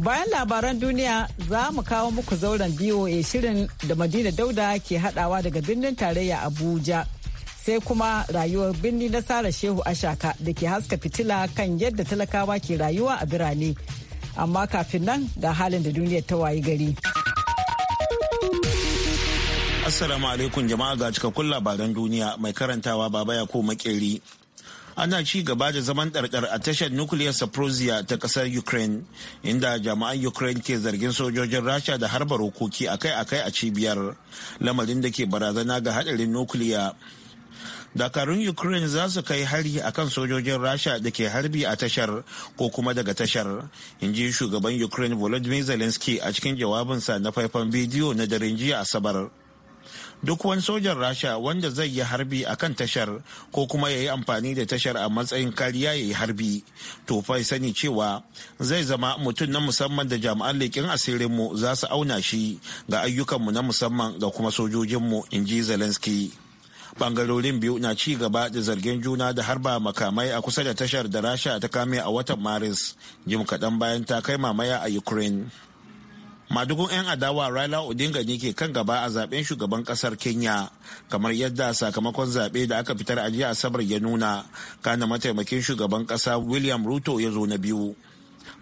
Bayan labaran duniya za mu kawo muku zauren BOA shirin da Madina Dauda ke hadawa daga birnin tarayya Abuja. Sai kuma rayuwar birni na Sara Shehu Ashaka da ke haska fitila kan yadda talakawa ke rayuwa a birane. Amma kafin nan ga halin da duniyar ta wayi gari. Assalamu alaikum jama'a ga cikakkun labaran duniya mai karantawa baba ya ko makeri. ana ci gaba da zaman ɗarɗar a tashar nukiliyar saprosia ta ƙasar ukraine inda jami'an ukraine ke zargin sojojin rasha da harba rokoki akai-akai a cibiyar lamarin da ke barazana ga haɗarin nukiliya dakarun ukraine za su kai hari akan sojojin rasha da ke harbi a tashar ko kuma daga tashar in ji shugaban ukraine volodymyr zelensky a cikin jawabinsa na faifan bidiyo na daren jiya asabar duk wani sojan rasha wanda zai yi harbi a kan tashar ko kuma ya yi amfani da tashar a matsayin kariya ya yi harbi to fai sani cewa zai zama mutum na musamman da jami'an leƙin asirinmu za su auna shi ga ayyukanmu na musamman ga kuma sojojinmu in ji zelensky bangarorin biyu na ci gaba da zargin juna da harba makamai a kusa da tashar da rasha ta kame a watan maris jim kaɗan bayan ta kai mamaya a ukraine madugun 'yan adawa raila odinga ne ke kan gaba a zaben shugaban kasar kenya kamar yadda sakamakon zaɓe da aka fitar a jiya asabar ya nuna kana mataimakin shugaban ƙasa william ruto ya zo na biyu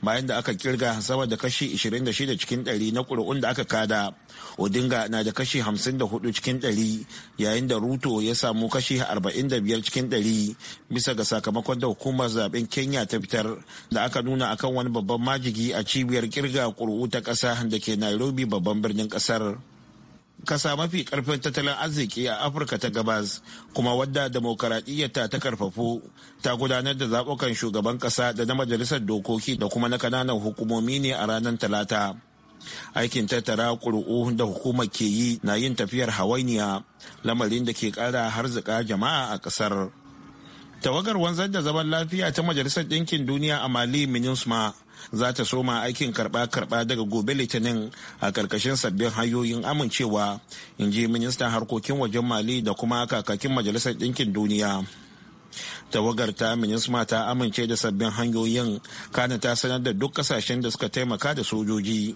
bayan da aka kirga sama da kashi 26 cikin 100 na kuri'un da aka kada odinga na da kashi 54 cikin 100 yayin da ruto ya samu kashi 45 cikin 100 bisa ga sakamakon da hukumar zaben kenya ta fitar da aka nuna akan wani babban majigi a cibiyar kirga kuri'u ta ƙasa da ke nairobi babban birnin ƙasar kasa mafi karfin tattalin arziki a afirka ta gabas kuma wadda demokaradiyyarta ta karfafu ta gudanar da zaɓukan shugaban ƙasa da na majalisar dokoki da kuma na kananan hukumomi ne a ranar talata aikin tattara ƙuri'u da hukumar ke yi na yin tafiyar hawainiya lamarin da ke ƙara harzika jama'a a ƙasar tawagar wanzar da zaman lafiya ta majalisar ɗinkin duniya a mali minusma za ta soma aikin karba-karba daga gobe litinin a karkashin sabbin hanyoyin amincewa in ji ministan harkokin wajen mali da kuma kakakin majalisar ɗinkin duniya tawagar ta minisma ta amince da sabbin hanyoyin kana ta sanar da duk kasashen da suka taimaka da sojoji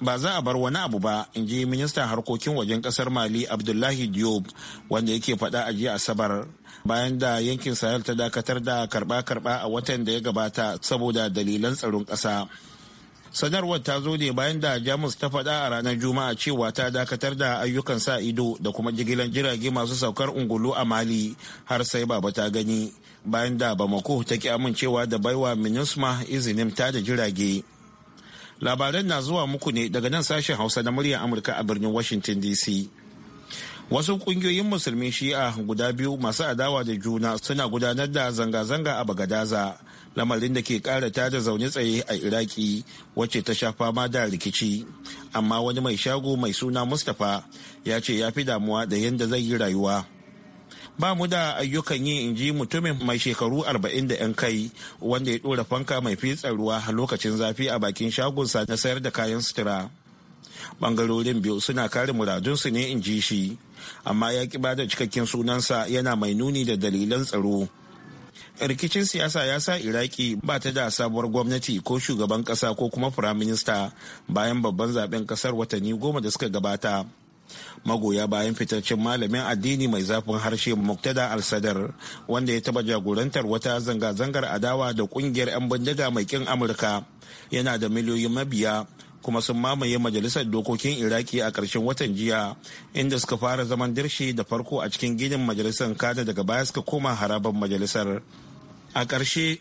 ba za a bar wani abu ba in ji ministan harkokin wajen kasar mali abdullahi diop wanda yake faɗa a jiya asabar bayan da yankin sahel ta dakatar da karba-karba a watan da ya gabata saboda dalilan tsaron ƙasa sanarwar ta zo ne bayan da jamus ta faɗa a ranar juma'a cewa ta dakatar da ayyukan sa ido da kuma jigilan jirage masu saukar ungulu a mali har sai baba ta gani bayan da bamako ta ki amincewa da baiwa minisma izinin ta da jirage labaran na zuwa muku ne daga nan sashen hausa na muryar amurka a birnin washington dc wasu kungiyoyin musulmin shi'a guda biyu masu adawa da juna suna gudanar da zanga-zanga a bagadaza lamarin da ke kara da zaune tsaye a iraki wacce ta sha fama da rikici amma wani mai shago mai suna mustapha ya ce ya fi damuwa da yadda zai yi rayuwa ba mu da ayyukan yi in ji mutumin mai shekaru 40 da 'yan kai wanda ya dora fanka mai fitsa ruwa lokacin zafi a bakin shagonsa na sayar da kayan sutura bangarorin biyu suna kare muradun su ne in ji shi amma ya ki bada cikakken sunansa yana mai nuni da dalilan tsaro rikicin siyasa ya sa iraki ba ta da sabuwar gwamnati ko shugaban kasa ko kuma firaminista bayan babban zaben kasar watanni goma da suka gabata magoya bayan fitaccen malamin addini mai zafin harshe muktada al-sadar wanda ya taba jagorantar wata zanga-zangar adawa da kungiyar 'yan bindiga mai kin amurka yana da miliyoyin mabiya kuma sun mamaye majalisar dokokin iraki a ƙarshen watan jiya inda suka fara zaman dirshi da farko a cikin ginin majalisar kada daga baya suka koma harabar majalisar a ƙarshe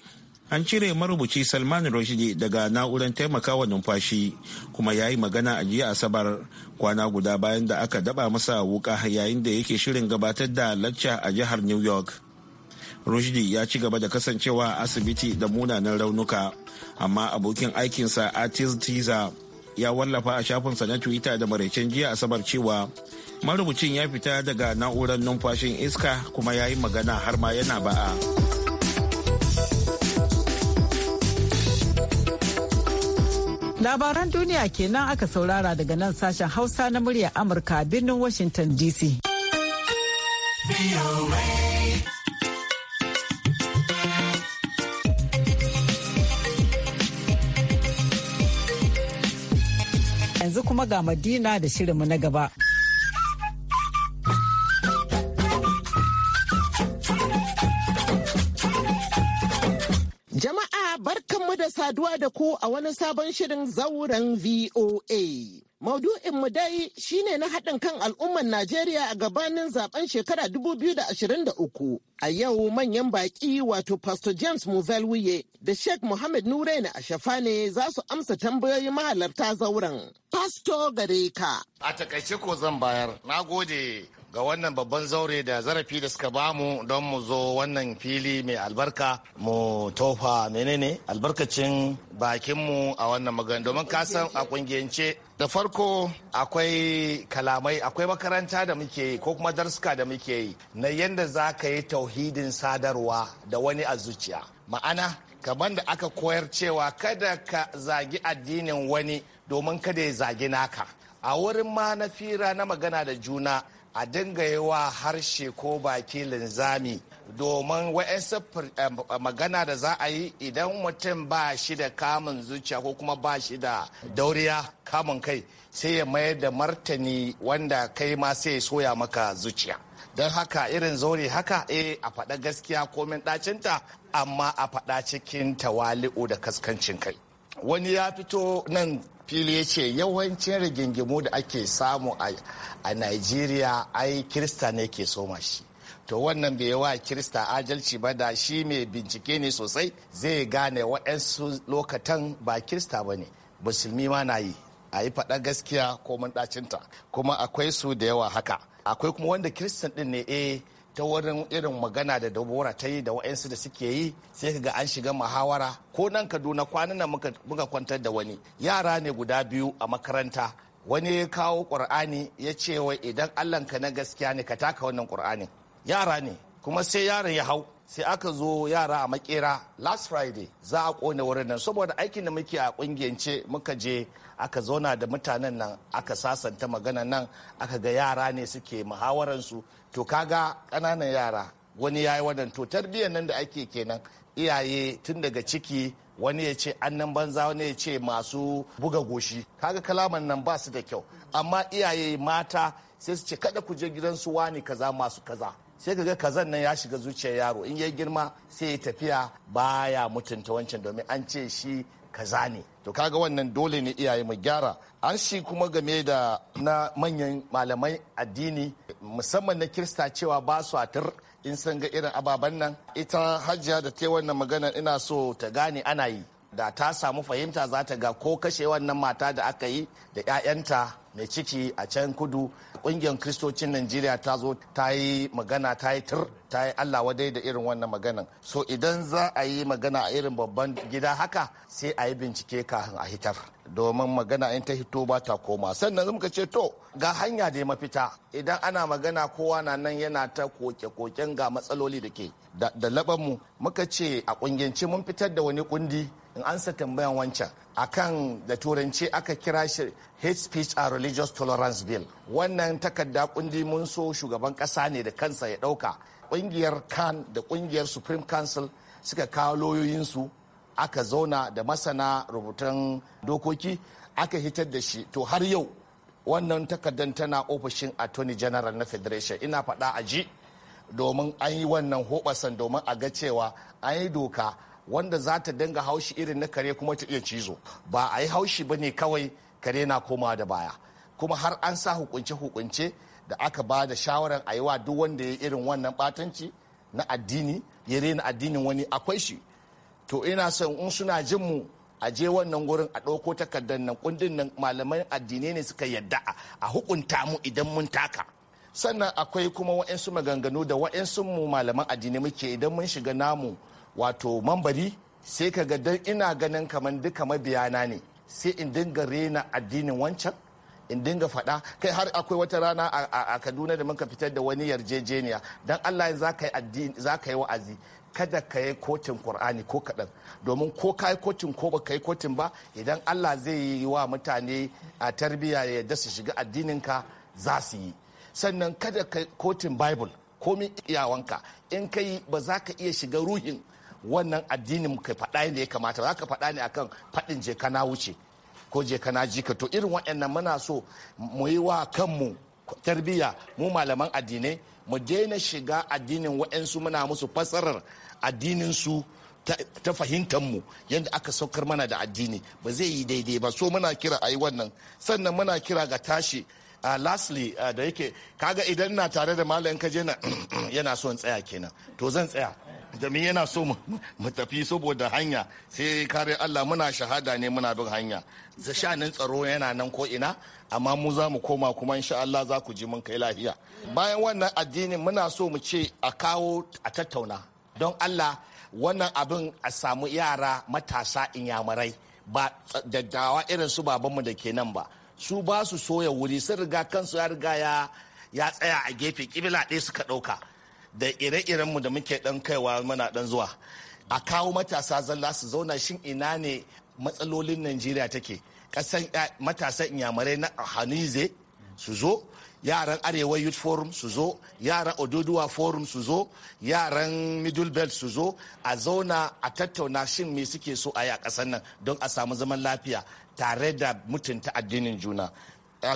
an cire marubuci salman rushdie daga na'urar taimakawa numfashi kuma ya yi magana a jiya asabar kwana guda bayan da aka daba masa wuka yayin da yake shirin gabatar da lacca a jihar new york rushdie ya ci gaba da kasancewa a asibiti da munanan raunuka amma abokin aikinsa artist teaser ya wallafa a shafinsa na twitter da maraicen jiya asabar cewa marubucin ya fita daga na'urar numfashin iska kuma ya yi magana har ma yana ba'a. Labaran duniya kenan aka saurara daga nan sashen Hausa na muryar Amurka a birnin Washington DC. Yanzu kuma ga Madina da shirinmu na gaba. saduwa da ku a wani sabon shirin zauren VOA. Maudu'inmu dai shine na haɗin kan al'ummar Najeriya a gabanin zaben shekara 2023. A yau manyan baƙi wato Pastor James Muvelwiye da Sheikh Muhammad Nuraini na ne za su amsa tambayoyi mahalarta zauren. Pastor gare ka. A takaice ko zan bayar, na gode ga wannan babban zaure da zarafi da suka bamu don mu zo wannan fili mai albarka mu tofa menene albarkacin bakinmu a wannan magana domin kasan a kungiyance da farko akwai kalamai akwai makaranta da muke yi ko kuma darsuka da muke yi na yadda za ka yi tauhidin sadarwa da wani a zuciya ma'ana kamar da aka koyar cewa kada ka zagi addinin wani domin kada ya zagi naka a wurin ma na fira na magana da juna a dinga yi wa harshe ko baki linzami domin wa'yansu eh, eh, magana da za a yi idan mutum ba shi da kamun zuciya ko kuma ba shi da dauriya kamun kai sai ya mayar da martani wanda kai ma sai ya soya maka zuciya don haka irin zaure haka eh a faɗa gaskiya komin ɗacinta amma a faɗa cikin tawali'u da kaskancin kai wani ya fito nan fili ya ce yawancin rigingimu da ake samu a nigeria ai kirista ne ke soma shi to wannan bai wa kirista adalci ba da shi mai bincike ne sosai zai gane waɗansu lokatan ba kirista ba ne musulmi ma na yi a yi faɗa gaskiya ko mun ɗacinta kuma akwai su da yawa haka akwai kuma wanda kiristan ɗin ne eh ta wurin irin magana da dabora ta yi da wa'ansu da suke yi sai ka ga an shiga muhawara ko nan kaduna kwanan nan muka kwantar da wani yara ne guda biyu a makaranta wani ya kawo ƙur'ani ya ce wai idan allahnka na gaskiya ne ka taka wannan ƙur'ani yara ne kuma sai yaron ya hau sai aka zo yara a makera last friday za a kone wurin nan saboda aikin da muke a kungiyance muka je aka zauna da mutanen nan aka sasanta magana nan aka ga yara ne suke muhawaransu to kaga ƙananan yara wani ya yi wannan to tarbiyyar nan da ake kenan iyaye tun daga ciki wani ya ce annan banza wani ya ce masu buga goshi kaga kalaman nan ba su da kyau amma iyaye mata sai su ce kada ku je gidan su wani kaza masu kaza sai ka ga kazan nan ya shiga zuciyar yaro in ya girma sai ya tafiya baya mutunta wancan domin an ce shi kaza ne to kaga wannan dole ne iyaye mu gyara an shi kuma game da na manyan malamai addini musamman na kirista cewa ba su atar in san ga irin ababen nan ita hajjiya da ta wannan magana ina so ta gane ana yi da ta samu fahimta za ta ga ko kashe wannan mata da aka yi da 'ya'yanta mai ciki a can kudu kungiyar kristocin najeriya ta zo ta yi magana ta yi tur ta yi allah wadai da irin wannan magana. so idan za a yi magana a irin babban gida haka sai a yi bincike kafin a hitar domin magana in ta hito ba ta koma sannan muka ce to ga hanya da mafita idan ana magana kowa na nan yana ta koke-koken ga matsaloli da ke da labanmu muka ce a ƙungiyance mun fitar da wani kundi in ansa tambayan wancan akan da turanci aka kira shi hate speech and religious tolerance bill wannan takarda kundi mun so shugaban kasa ne da kansa ya dauka kungiyar kan da kungiyar supreme council suka kawo lauyoyinsu aka zauna da masana rubutun dokoki aka hitar da shi to har yau wannan takardar tana ofishin attorney general na federation ina faɗa a ji domin an yi wannan hoɓasan domin a ga cewa an yi doka wanda za ta dinga haushi irin na kare kuma ta iya cizo ba a yi haushi ba ne kawai kare na koma da baya kuma har an sa hukunce-hukunce da aka ba da shawarar a yi wa duk wanda ya irin wannan batanci na addini ya rena addinin wani akwai shi to ina son in suna jin mu a je wannan gurin a ɗauko takardar nan kundin nan malaman addinai ne suka yadda a hukunta mu idan mun taka sannan akwai kuma wa'insu maganganu da wa'insu mu malaman addinai muke idan mun shiga namu wato mambari sai ka ga don ina ganin kamar duka mabiyana ne sai in dinga rena addinin wancan in dinga faɗa kai har akwai wata rana a kaduna da muka fitar da wani yarjejeniya don allah za ka yi wa'azi kada ka yi kotun kur'ani ko kaɗan domin ko ka yi kotun ko ba ka yi kotun ba idan allah zai yi wa mutane a tarbiyya ya yadda su shiga addininka za su yi sannan kada ka kotun bible komin iyawanka in ka yi ba za ka iya shiga ruhin wannan addinin ka faɗa ne ya kamata za ka faɗa ne akan faɗin je kana wuce ko je kana jika to irin waɗannan muna so mu yi wa kanmu tarbiyya mu malaman addinai mu daina shiga addinin waɗansu muna musu fassarar addininsu su ta fahimtar mu yadda aka saukar mana da addini ba zai yi daidai ba so muna kira a yi wannan sannan muna kira ga tashi uh, lastly uh, da yake kaga idan na tare da malam kaje na yana son tsaya kenan to zan tsaya da me yana so mu tafi saboda hanya sai kare Allah muna shahada ne muna bin hanya za shanin tsaro yana nan ko ina amma mu za mu koma kuma insha Allah za ku ji mun kai lafiya bayan wannan addinin muna so mu ce a kawo a tattauna don Allah wannan abin a samu yara matasa inyamurai ba daddawa irin su babanmu da ke nan ba su ba su soya wuri sun riga kansu ya riga ya tsaya a gefe kibila ɗaya suka ɗauka da ire-irenmu da muke ɗan kaiwa muna ɗan zuwa a kawo matasa zalla su zauna shin ina ne matsalolin najeriya take kasan matasan inyamurai na hanize su zo yaran arewa youth forum su zo yaran ododuwa forum su zo yaran middle belt su zo a zauna a tattauna shin me suke so a yi a kasan nan don a samu zaman lafiya tare da mutunta addinin juna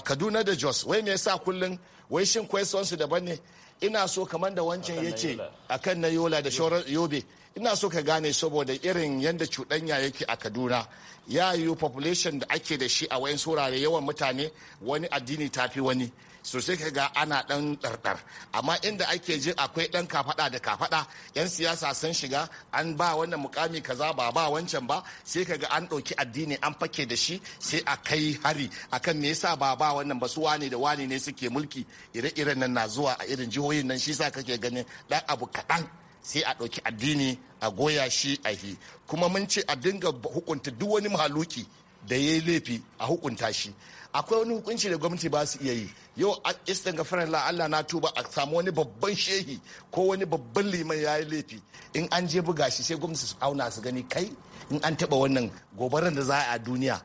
kaduna da jos wai me yasa kullum wai shin su daban ne ina so kamar da wancan ya ce kan na yola da shoran yobe ina so ka gane saboda irin yadda cuɗanya yake a kaduna ya yiwu population da ake da shi a wayan saurare yawan mutane wani addini tafi wani Sosai sai ka ga ana dan ɗarɗar amma inda ake jin akwai dan kafaɗa da kafaɗa yan siyasa sun shiga an ba wannan mukami kaza ba ba wancan ba sai ka ga an ɗauki addini an fake da shi sai a kai hari akan me yasa ba ba wannan ba su wane da wane ne suke mulki ire-iren nan na zuwa a irin jihohin nan shi sa kake ganin dan abu kaɗan sai a ɗauki addini a goya shi a hi kuma mun ce a dinga hukunta duk wani mahaluki da ya yi laifi a hukunta shi akwai wani hukunci da gwamnati ba su iya yi yau a istan gafaran la Allah na tuba a samu wani babban shehi ko wani babban liman ya yi laifi in an je buga shi sai gwamnati su auna su gani kai in an taba wannan gobarar da za a duniya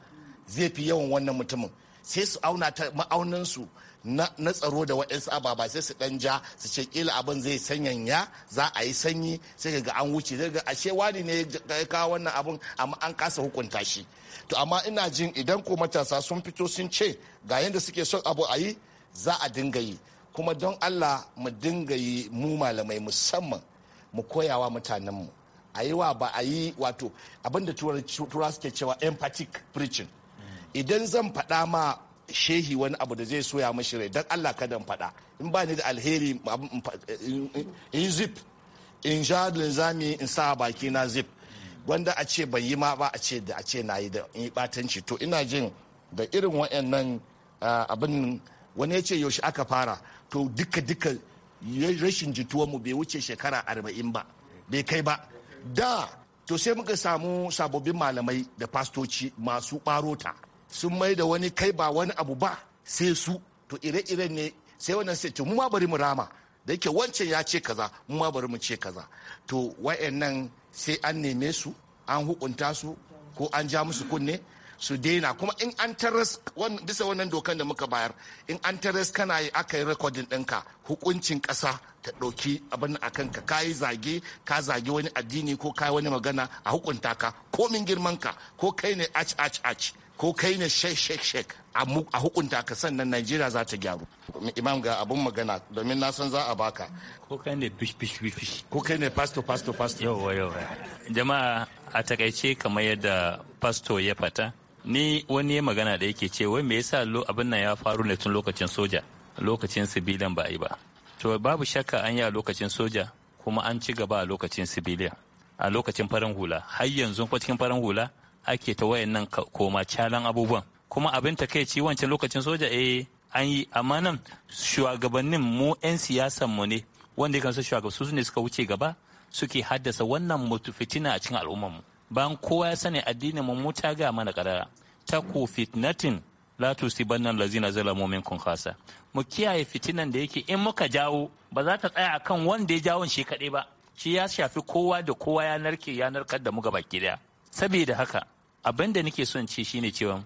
zai fi yawan wannan mutumin sai su auna ta ma'aunansu. na tsaro da waɗansu ababa sai su ɗan ja su ce kila abin zai sanyanya za a yi sanyi sai ga an wuce zai ga ashe wani ne ya kawo wannan abin amma an kasa hukunta shi to amma ina jin idan ko matasa sun fito sun ce ga yadda suke son abu a yi za a dinga yi kuma don allah mu dinga yi mu malamai musamman mu koyawa mutanenmu a yi wa ba a yi wato abinda tura suke cewa empathic preaching idan zan faɗa ma shehi wani abu da zai soya mashi rai don allah kada kadan faɗa in ba ni da alheri in zip in ja linzami in sa baki na zip wanda a ce bai yi ma ba a ce da a ce na yi da in yi batanci to ina jin da irin wa'annan abin wani ya ce yaushe aka fara to duka duka rashin jituwar mu bai wuce shekara arba'in ba bai kai ba da to sai muka samu sababbin malamai da fastoci masu ɓarota sun mai da wani kai ba wani abu ba sai su to ire-iren ne sai wannan sai to mu ma bari mu rama da yake wancan ya ce kaza mu ma bari mu ce kaza to wayannan sai an neme su an hukunta su ko an ja musu kunne su daina kuma in an taras bisa wannan dokan da muka bayar in an taras kana yi aka yi rikodin ɗinka hukuncin ƙasa ta ɗauki abin a kanka ka yi zage ka zage wani addini ko ka yi wani magana a hukunta ka min girman ka ko kai ne ach ach ach ko kai ne shek shek shek a hukunta ka sannan najeriya za ta gyaru imam ga abun magana domin na san za a baka ko kai ne fish fish fish ko kai ne pasto pasto pasto yawa yawa jama'a a takaice kamar yadda pasto ya fata ni wani magana da yake ce wai me yasa abin nan ya faru ne tun lokacin soja lokacin sibilan ba yi ba to babu shakka an yi a lokacin soja kuma an ci gaba a lokacin sibiliya a lokacin farin hula har yanzu ko cikin farin hula ake ta wayannan koma calan abubuwan kuma abin ta ci wancan lokacin soja eh an yi amma nan shugabannin mu 'yan siyasan mu ne wanda ya kansu shugabansu su ne suka wuce gaba suke haddasa wannan mutu fitina a cikin al'ummar mu. bayan kowa ya sani addinin mu ta ga mana kadara ta ku fitnatin la tusibanna allazina zalamu minkum khasa mu kiyaye fitinan da yake in muka jawo ba za ta tsaya akan wanda ya jawon shi kadai ba shi ya shafi kowa da kowa ya narke ya narkar da mu gaba saboda haka abin da nake son ce shine cewa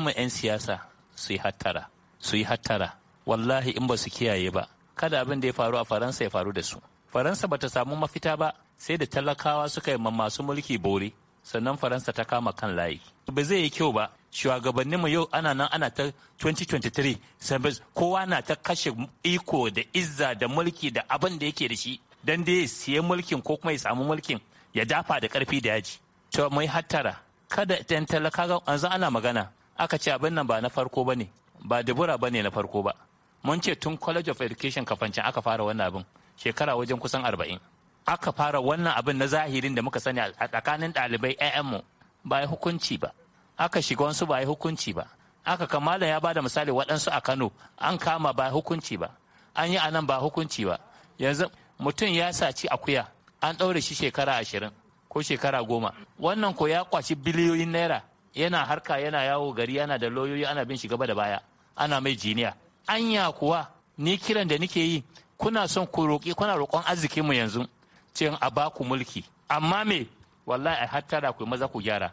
mu 'yan siyasa su yi hattara su yi hattara wallahi in ba su kiyaye ba kada abin da ya faru a faransa ya faru da su faransa bata samu mafita ba sai da talakawa suka yi masu mulki bore sannan faransa ta kama kan layi ba zai yi kyau ba shugabannin mu yau ana nan ana ta 2023 kowa na ta kashe iko da izza da mulki da abin da yake da shi dan dai ya siya mulkin ko kuma ya samu mulkin ya dafa da karfi da yaji cewa mu yi hattara kada ɗan talaka ga yanzu ana magana aka ce abin nan ba na farko ba ne ba dubura ba ne na farko ba mun ce tun college of education kafancin aka fara wannan abin shekara wajen kusan arba'in aka fara wannan abin na zahirin da muka sani a tsakanin ɗalibai 'ya'yanmu ba ya hukunci ba aka shiga wasu ba ya hukunci ba aka kamala ya bada misali waɗansu a kano an kama ba hukunci ba an yi anan ba hukunci ba yanzu mutum ya saci akuya an ɗaure shi shekara ashirin ko shekara goma wannan ko ya kwashi biliyoyin naira yana harka yana yawo gari yana da lauyoyi ana bin shi gaba da baya ana mai jiniya anya kuwa ni kiran da nike yi kuna son ku roƙi kuna roƙon mu yanzu cin a baku mulki amma me wallahi a hattara ku maza ku gyara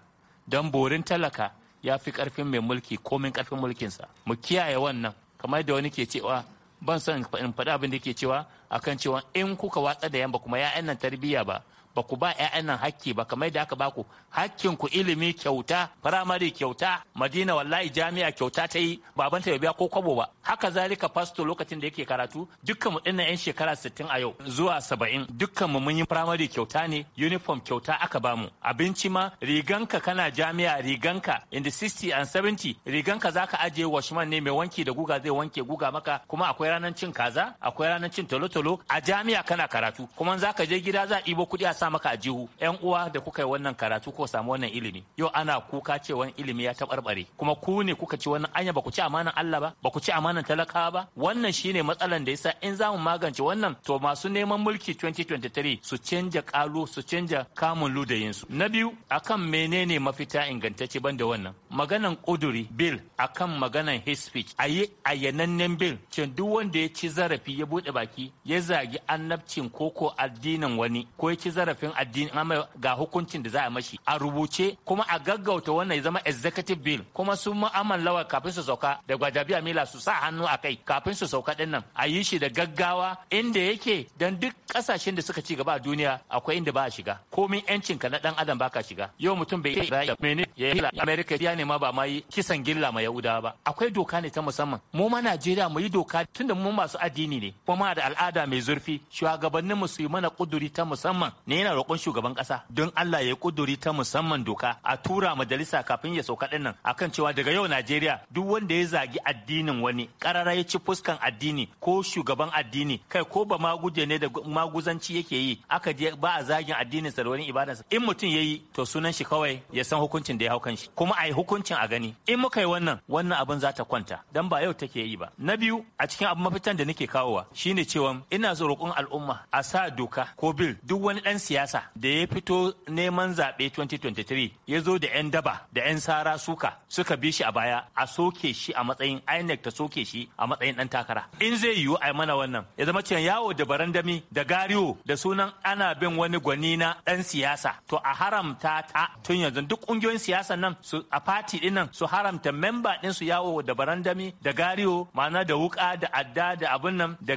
don borin talaka ya fi ƙarfin mai mulki komin ƙarfin mulkinsa mu kiyaye wannan kamar yadda wani ke cewa ban son in faɗi abin da ke cewa akan cewa in kuka watsa da yamba kuma ya'yan nan tarbiyya ba ba ku ba 'ya'yan nan hakki ba kamar da aka ba ku hakkin ku ilimi kyauta firamare kyauta madina wallahi jami'a kyauta ta yi babanta bai biya ko kwabo ba haka zalika fasto lokacin da yake karatu dukkan mu dinnan 'yan shekara 60 a yau zuwa 70 dukkan mu mun yi firamare kyauta ne uniform kyauta aka ba mu abinci ma riganka kana jami'a riganka in the 60 and 70 riganka zaka ajiye washman ne mai wanki da guga zai wanke guga maka kuma akwai ranar cin kaza akwai ranar cin tolotolo a jami'a kana karatu kuma zaka je gida za a ibo kuɗi a sa maka a jihu yan uwa da kuka yi wannan karatu ko samu wannan ilimi yau ana kuka cewa ilimi ya tabarbare kuma ku ne kuka ci wannan anya ba ku ci amanan Allah ba ba ku ci amanan talakawa ba wannan shine matsalan da yasa in za mu magance wannan to masu neman mulki 2023 su canja kalu su canja kamun ludayin su na biyu akan menene mafita ingantacce banda wannan maganan kuduri bill akan maganan hate speech ayi ayyanannen bill cin duk wanda ya ci zarafi ya bude baki ya zagi annabcin koko addinin wani ko ya ci zarafi zarafin addini ga hukuncin da za a mashi a rubuce kuma a gaggauta wannan ya zama executive bill kuma su ma'aman lawa kafin su sauka da gwajabiya mila su sa hannu a kai kafin su sauka din nan a yi shi da gaggawa inda yake don duk kasashen da suka ci gaba a duniya akwai inda ba a shiga komin yancin ka na dan adam baka shiga yau mutum bai yi mene ya yi america ya nema ba ma yi kisan gilla ma yahudawa ba akwai doka ne ta musamman mu ma najeriya mu yi doka da mu masu addini ne kuma da al'ada mai zurfi shugabannin mu su yi mana kuduri ta musamman ne yana roƙon shugaban ƙasa don Allah ya kuduri ta musamman doka a tura majalisa kafin ya sauka ɗin nan akan cewa daga yau Najeriya duk wanda ya zagi addinin wani ƙarara ya ci fuskan addini ko shugaban addini kai ko ba maguje ne da maguzanci yake yi aka je ba a zagin addinin sa da wani ibadarsa in mutum ya yi to sunan shi kawai ya san hukuncin da ya hau shi kuma a yi hukuncin a gani in muka yi wannan wannan abin za ta kwanta dan ba yau take yi ba na biyu a cikin abin mafitan da nake kawowa shine cewa ina so roƙon al'umma a sa doka ko bil duk wani ɗan siyasa da ya fito neman zaɓe 2023 ya zo da 'yan daba da 'yan sara suka suka bi shi a baya a soke shi a matsayin INEC ta soke shi a matsayin ɗan takara. In zai yiwu a mana wannan ya zama cewa yawo da barandami da gariwo da sunan ana bin wani gwani na ɗan siyasa to a haramta ta tun yanzu duk ƙungiyoyin siyasa nan su a fati ɗin nan su haramta memba ɗin su yawo da barandami da gariwo ma'ana da wuƙa da adda da abin nan da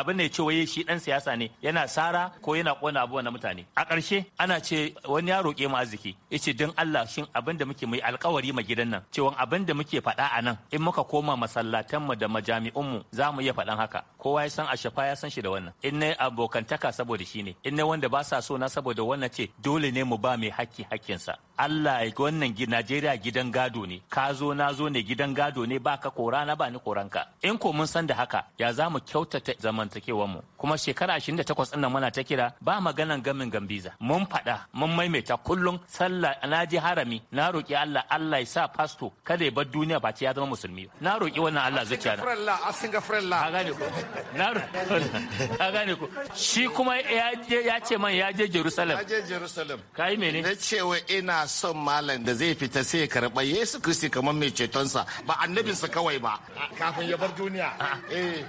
abin da ya ce shi ɗan siyasa ne yana sara ko yana ƙona abubuwan na mutane. mutane a ƙarshe ana ce wani ya roƙe mu arziki ce don Allah shin abinda muke mai alkawari ma gidan nan cewa abin da muke faɗa a nan in muka koma masallatan da majami'un mu za mu iya faɗan haka kowa ya san ashafa ya san shi da wannan in ne abokantaka saboda shi ne in na wanda ba sa so na saboda wannan ce dole ne mu ba mai haƙƙi sa. Allah ya wannan Najeriya gidan gado ne ka zo na zo ne gidan gado ne ba ka kora na ba ni koranka in ko mun san da haka ya za mu kyautata zamantakewar kuma shekara 28 ɗin nan muna ta kira ba maganan game min Gambiza. Mun faɗa, mun maimaita kullum sallah na ji harami, na roƙi Allah, Allah ya sa fasto kada ya bar duniya ba ce ya zama musulmi. Na roƙi wannan Allah zuciya na. Ka gane ku Na Ka Shi kuma ya ce man ya je Jerusalem. Ya je Jerusalem. Ka yi mene? Na cewa ina son malam da zai fita sai ya karɓa Yesu Kristi kamar mai cetonsa ba annabinsa kawai ba. Kafin ya bar duniya. Ah. Eh.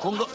Kun ga.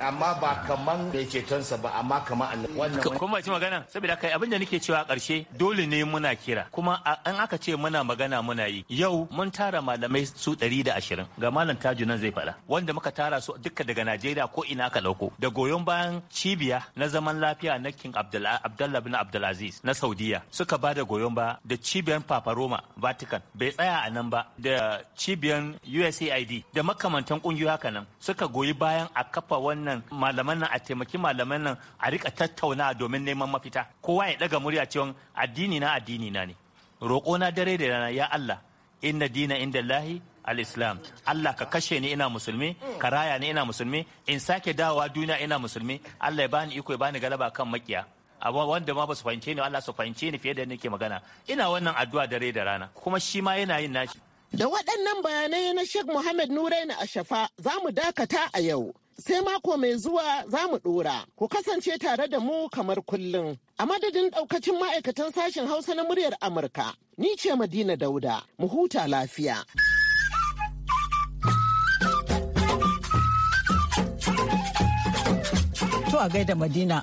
Amma ba kamar kaman bai cetonsa ba amma Allah wannan ba ci magana saboda kai abin da nake cewa karshe dole ne muna kira kuma an aka ce muna magana muna yi yau mun tara malamai su 120 ga malam Taju nan zai faɗa wanda muka tara su duka daga Najeriya ko ina ka dauko da goyon bayan cibiya na zaman lafiya na King Abdullah bin Abdulaziz na Saudiya suka ba da goyon ba da cibiyar Papa Roma Vatican bai tsaya a nan ba da cibiyar USAID da makamantan kungiyoyi haka nan suka goyi bayan a kafa wannan malaman nan a a taimaki malaman nan a rika tattauna domin neman mafita kowa ya daga murya cewa addini na addini na ne roƙo na dare da rana ya Allah inna dina inda lahi al-islam Allah ka kashe ni ina musulmi ka raya ni ina musulmi in sake dawowa duniya ina musulmi Allah ya bani iko ya bani galaba kan makiya abu wanda ma ba su fahimce ni Allah su fahimce ni fiye da nake magana ina wannan addu'a dare da rana kuma shi ma yana yin nashi da waɗannan bayanai na Sheikh Muhammad Nuraini Ashafa za mu dakata a yau Sai mako mai zuwa za mu ɗora. Ku kasance tare da mu kamar kullum. A madadin ɗaukacin ma'aikatan sashen Hausa na muryar Amurka, ni ce Madina Dauda, mu huta lafiya. To a gaida Madina.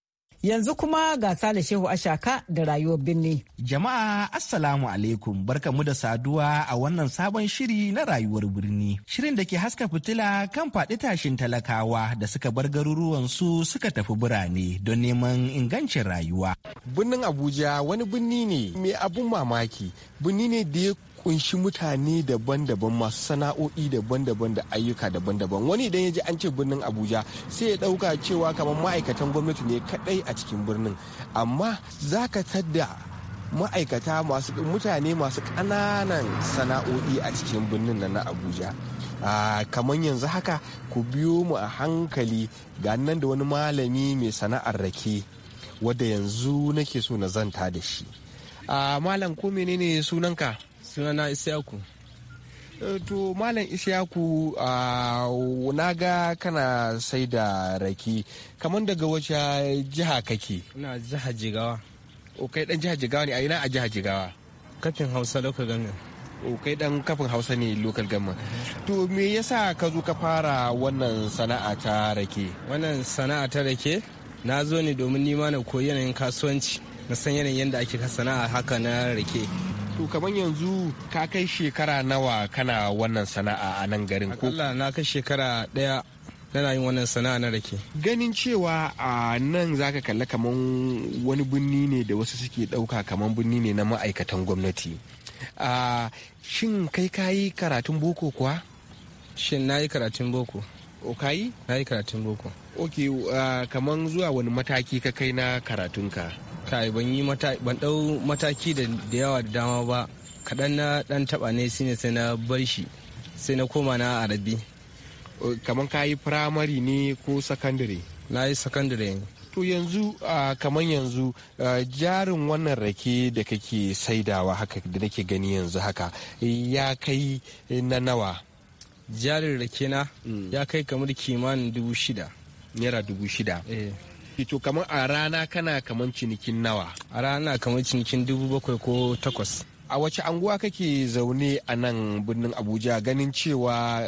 Yanzu kuma ga Sale Shehu Ashaka da rayuwar birni. Jama'a Assalamu alaikum barkamu da saduwa a wannan sabon shiri na rayuwar birni. Shirin da ke haska fitila kan faɗi tashin talakawa da suka bar garuruwan su suka tafi birane don neman ingancin rayuwa. Birnin Abuja wani birni ne mai abun mamaki, birni ne da ya kunshi mutane daban-daban masu sana'o'i daban-daban da ayyuka daban-daban wani idan ya ji an ce birnin abuja sai ya ɗauka cewa kamar ma'aikatan gwamnati ne kadai a cikin birnin amma za ka tadda ma'aikata masu mutane masu ƙananan sana'o'i a cikin birnin nan na abuja kamar yanzu haka ku biyo mu a hankali ga nan da wani malami mai sana'ar rake wadda yanzu nake so na zanta da shi malam ko menene sunanka sunana isyaku eh, to malam isyaku na ga kana sai da rake kamar daga wace jiha kake na jiha jigawa o kai dan jiha jigawa ne a ina a jiha jigawa kafin hausa local government o kai dan kafin hausa ne local government to me yasa ka zo ka fara wannan sana'a ta rake wannan sana'a ta rake na zo ne domin nima na koyi yanayin kasuwanci na san yanayin yadda ake ka sana'a haka na rake to kamar yanzu ka kai shekara nawa kana wannan sana'a a nan garin ko na kai shekara daya nana yin wannan sana'a na rake ganin cewa a nan zaka kalla kaman wani birni ne da wasu suke dauka kaman birni ne na ma'aikatan gwamnati a shin kai kayi karatun boko kuwa shin na yi karatun boko o kayi na yi karatun boko ok kaman zuwa wani mataki ka kai na karatunka kai ban yi ban dau mataki da yawa da dama ba kaɗan na ɗan taɓa ne shine sai na bar shi sai na koma na arabi kamar ka yi firamare ne ko sakandare na yi sakandare to yanzu kamar yanzu jarin wannan rake da kake saidawa haka da nake gani yanzu haka ya kai na nawa jarin rake na mm. ya kai kamar kimanin dubu shida naira dubu shida eh. Eh, to kamar a rana kana kamar cinikin nawa a rana kamar cinikin dubu bakwai ko takwas a wace anguwa kake zaune a nan birnin abuja ganin cewa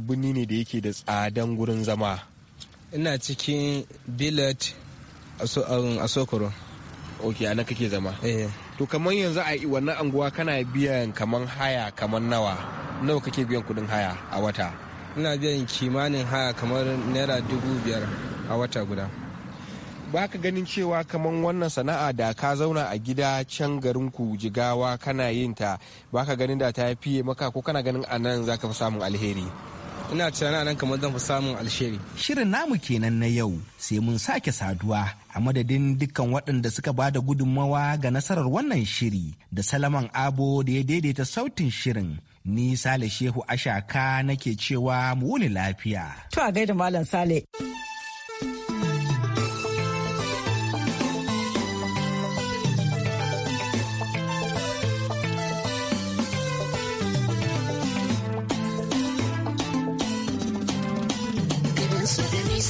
birni ne da yake da tsadan gurin zama ina cikin billet a um, sokoro ok a nan kake zama eh. to kamar yanzu a wannan anguwa kana biyan kamar haya kamar nawa nawa kake biyan kudin haya a wata ina biyan kimanin haya kamar naira dubu biyar a wata guda ba ka ganin cewa kamar wannan sana'a da ka zauna a gida can garin ku jigawa kana yin ta ba ka ganin da ta fiye maka ko kana ganin a nan za ka fi samun alheri ina tunanin nan kamar zan fi samun alheri shirin namu kenan na yau sai mun sake saduwa a madadin dukkan waɗanda suka ba da gudunmawa ga nasarar wannan shiri da salaman abo da ya daidaita sautin shirin ni sale shehu ashaka nake cewa mu wuni lafiya to a gaida malam sale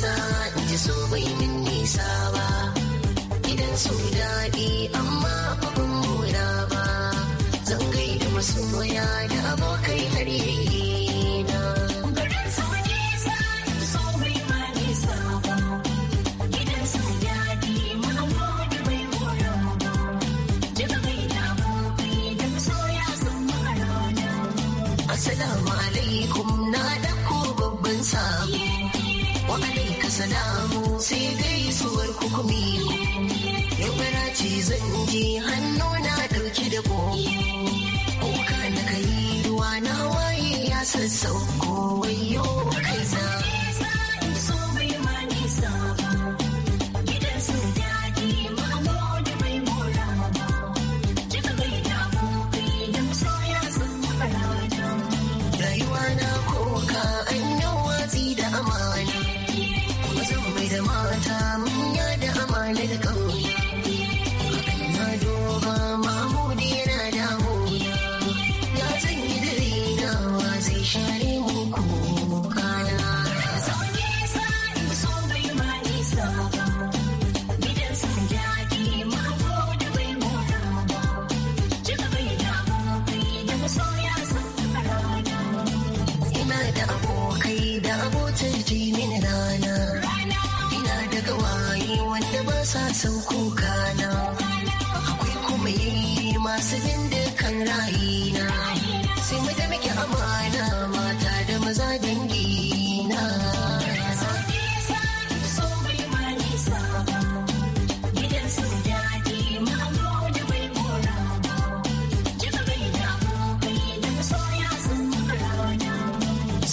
nisa in ji so bai min nisa ba. Gidan su daɗi amma 走过。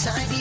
inside